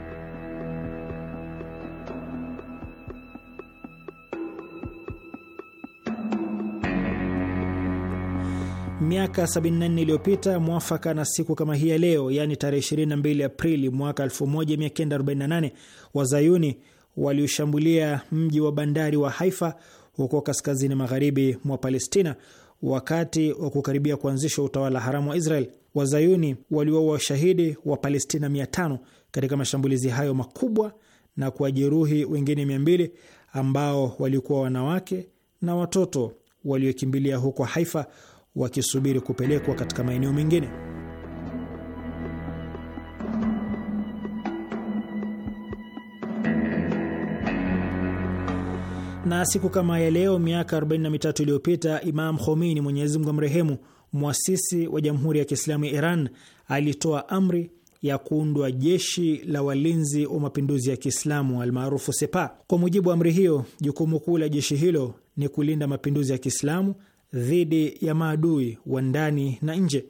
F: miaka 74 iliyopita mwafaka na siku kama hii ya leo, yaani tarehe 22 Aprili mwaka 1948, wazayuni waliushambulia mji wa bandari wa Haifa huko kaskazini magharibi mwa Palestina wakati wa kukaribia kuanzishwa utawala haramu wa Israel. Wazayuni waliwaua washahidi wa Palestina 500 katika mashambulizi hayo makubwa na kuwajeruhi wengine 200 ambao walikuwa wanawake na watoto waliokimbilia huko Haifa wakisubiri kupelekwa katika maeneo mengine. Na siku kama ya leo miaka 43 iliyopita Imam Khomeini, Mwenyezi Mungu amrehemu, mwasisi wa Jamhuri ya Kiislamu ya Iran, alitoa amri ya kuundwa jeshi la walinzi wa mapinduzi ya Kiislamu almaarufu Sepa. Kwa mujibu wa amri hiyo, jukumu kuu la jeshi hilo ni kulinda mapinduzi ya Kiislamu dhidi ya maadui wa ndani na nje.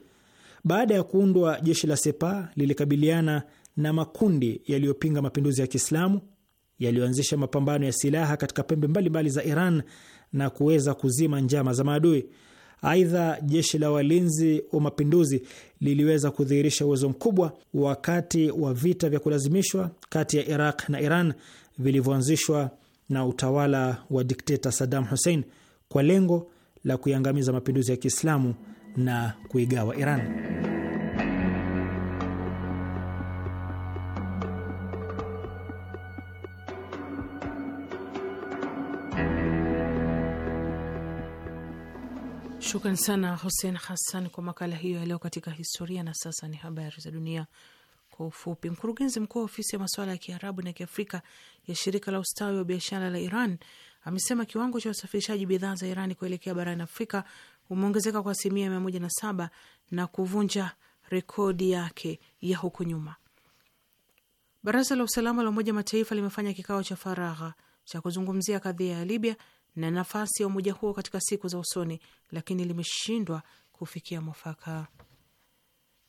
F: Baada ya kuundwa, jeshi la Sepa lilikabiliana na makundi yaliyopinga mapinduzi ya Kiislamu yaliyoanzisha mapambano ya silaha katika pembe mbalimbali mbali za Iran na kuweza kuzima njama za maadui. Aidha, jeshi la walinzi wa mapinduzi liliweza kudhihirisha uwezo mkubwa wakati wa vita vya kulazimishwa kati ya Iraq na Iran vilivyoanzishwa na utawala wa dikteta Saddam Hussein kwa lengo la kuiangamiza mapinduzi ya Kiislamu na kuigawa Iran.
D: Shukran sana Hussein Hassan kwa makala hiyo ya leo katika historia. Na sasa ni habari za dunia kwa ufupi, mkurugenzi mkuu wa ofisi ya masuala ya Kiarabu na Kiafrika ya shirika la ustawi wa biashara la Iran amesema kiwango cha usafirishaji bidhaa za Iran kuelekea barani Afrika umeongezeka kwa asilimia mia moja na saba na kuvunja rekodi yake ya huko nyuma. Baraza la usalama la Umoja Mataifa limefanya kikao cha faragha cha kuzungumzia kadhia ya Libya na nafasi ya umoja huo katika siku za usoni, lakini limeshindwa kufikia mwafaka.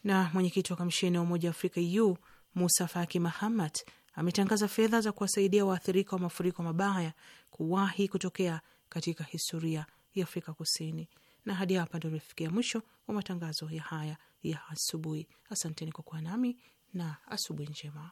D: Na mwenyekiti wa kamisheni ya Umoja wa Afrika e u Musa Faki Mahamat ametangaza fedha za kuwasaidia waathirika wa mafuriko mabaya kuwahi kutokea katika historia ya Afrika Kusini. Na hadi hapa ndo tumefikia mwisho wa matangazo ya haya ya asubuhi. Asanteni kwa kuwa nami na asubuhi njema